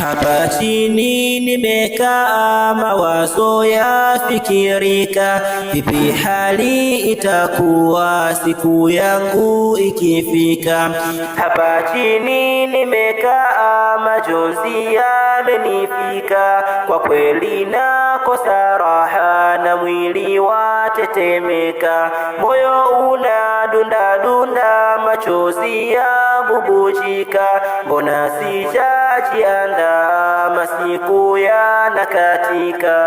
Hapa chini nimekaa, mawazo ya fikirika, vipi hali itakuwa siku yangu ikifika. Hapa chini nimekaa, majonzi yamenifika, kwa kweli nakosa raha mwili watetemeka, moyo unadunda dunda, machozi ya bubujika, mbona sijajiandaa masiku yanakatika.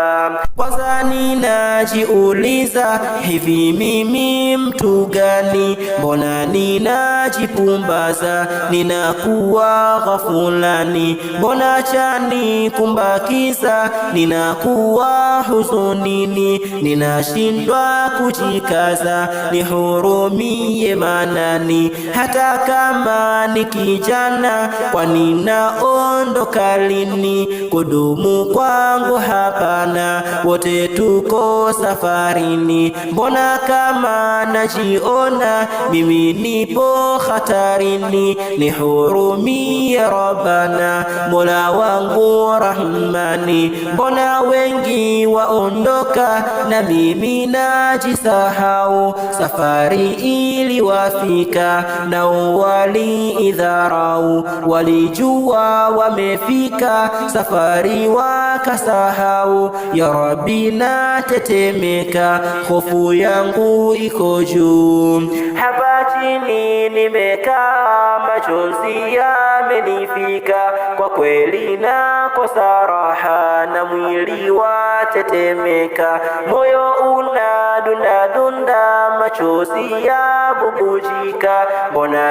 Kwanza ninajiuliza, hivi mimi mtu gani? Mbona ninajipumbaza, ninakuwa ghafulani? Mbona chani kumbakiza, ninakuwa huzunini? Ninashindwa kujikaza, nihurumie Manani, hata kama ni kijana, kwani naondoka lini? kudumu kwangu hapana, wote tuko safarini. Mbona kama najiona mimi nipo hatarini, nihurumie Rabbana mola wa wangu Rahmani, mbona wengi waondoka na mimi najisahau, safari iliwafika na waliidharau, walijua wamefika safari wakasahau. Ya Rabbi natetemeka, hofu yangu iko juu, hapa chini nimekaa, machozi yamenifika kwa kweli na kosa raha, na mwili watetemeka, moyo una dunda dunda, machozi ya bubujika. Mbona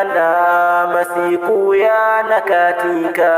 ana masiku yanakatika.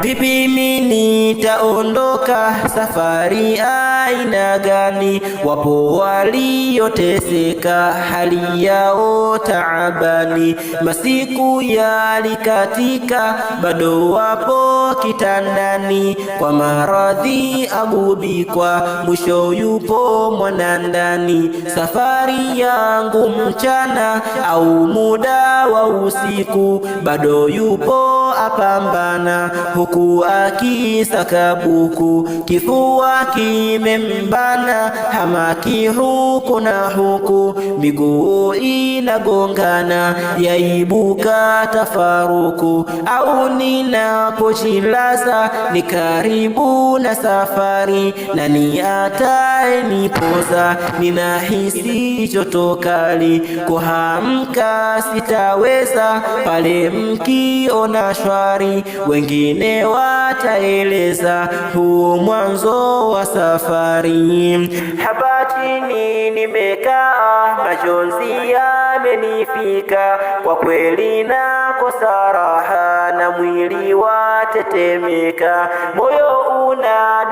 Vipi mimi nitaondoka, safari aina gani? Wapo walioteseka, hali yao taabani, masiku yalikatika bado wapo kitandani, kwa maradhi agubikwa, mwisho yupo mwanandani. Safari yangu mchana au muda wa usiku, bado yupo apambana, huku akisaka buku, kifua kimembana, hamaki huku na huku, miguu inagongana, yaibuka tafaruku au na ninapojilaza, ni karibu na safari na ni ataye nipoza, ninahisi joto kali, kuhamka sitaweza, pale mkiona shwari, wengine wataeleza, huu mwanzo wa safari. Hapa chini nimekaa, majonzi yamenifika kwa kweli na kosa raha na mwili watetemeka, moyo una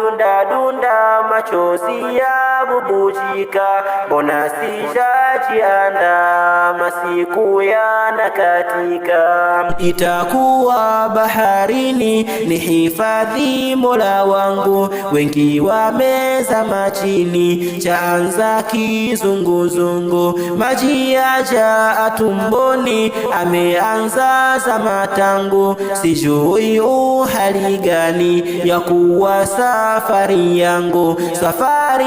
dunda, machozi ya bubujika. Mbona sijajiandaa? Masiku yanakatika, itakuwa baharini ni hifadhi, Mola wangu. Wengi wameza machini, chaanza kizunguzungu, maji yaja atumboni, ameanza za tangu sijui hali gani ya kuwa safari yangu, safari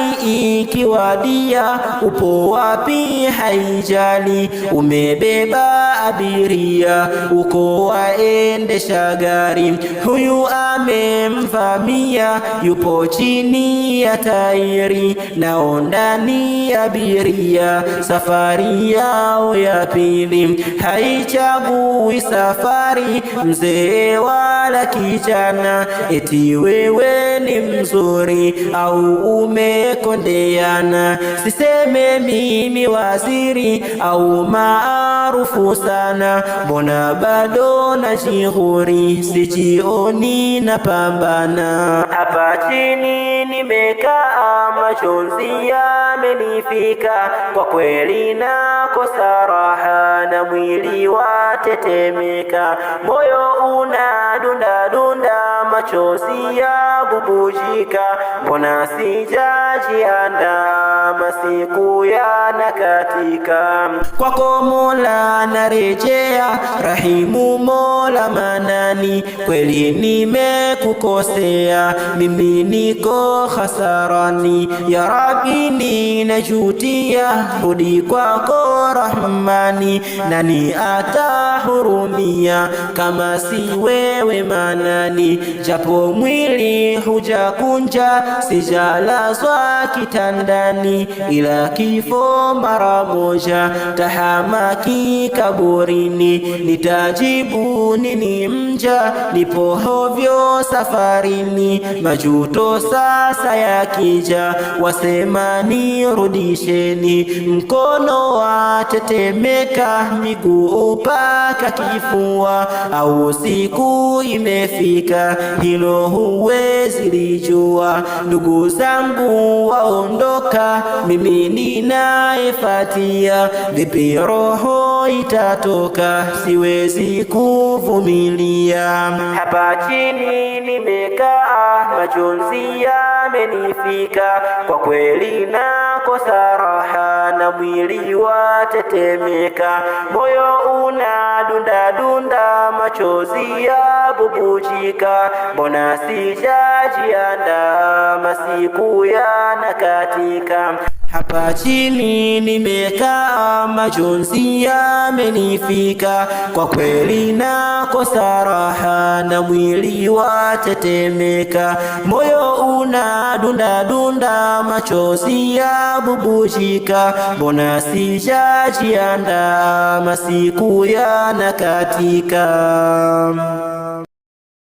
ikiwadia, upo wapi haijali, umebeba abiria, uko waendesha gari, huyu amemvamia, yupo chini ya tairi, naona ni abiria, safari yao ya pili haichagui safari, mzee wala kijana, eti wewe ni mzuri au umekondeana, siseme mimi waziri au maa maarufu sana, mbona bado na shihuri sichioni na pambana hapa chini nimekaa, machozi yamenifika kwa kweli, nakosa raha na mwili watetemeka, moyo una dunda dunda, machozi ya bubujika, mbona sijajianda siku ya nakatika. Kwako Mola narejea, rahimu Mola manani, kweli nimekukosea, mimi niko hasarani. Ya Rabbi ninajutia, rudi kwako Rahmani, nani atahurumia kama si wewe manani, japo mwili hujakunja sijalazwa kitandani ila kifo mara moja, tahamaki kaburini, nitajibu nini mja, nipo hovyo safarini, majuto sasa yakija, wasema nirudisheni, mkono watetemeka, miguu paka kifua, au siku imefika, hilo huwezi lijua, ndugu zangu waondoka mimi ninayefuatia, vipi roho itatoka, siwezi kuvumilia. Hapa chini nimekaa, majonzi yamenifika, kwa kweli nakosa raha na mwili watetemeka, moyo una dunda, machozi ya bubujika mbona sijajiandaa, masiku yanakatika. Hapa chini nimekaa, majonzi yamenifika, kwa kweli nakosa raha na mwili watetemeka, moyo una dunda dunda, machozi ya bubujika, mbona sijajiandaa, masiku yanakatika.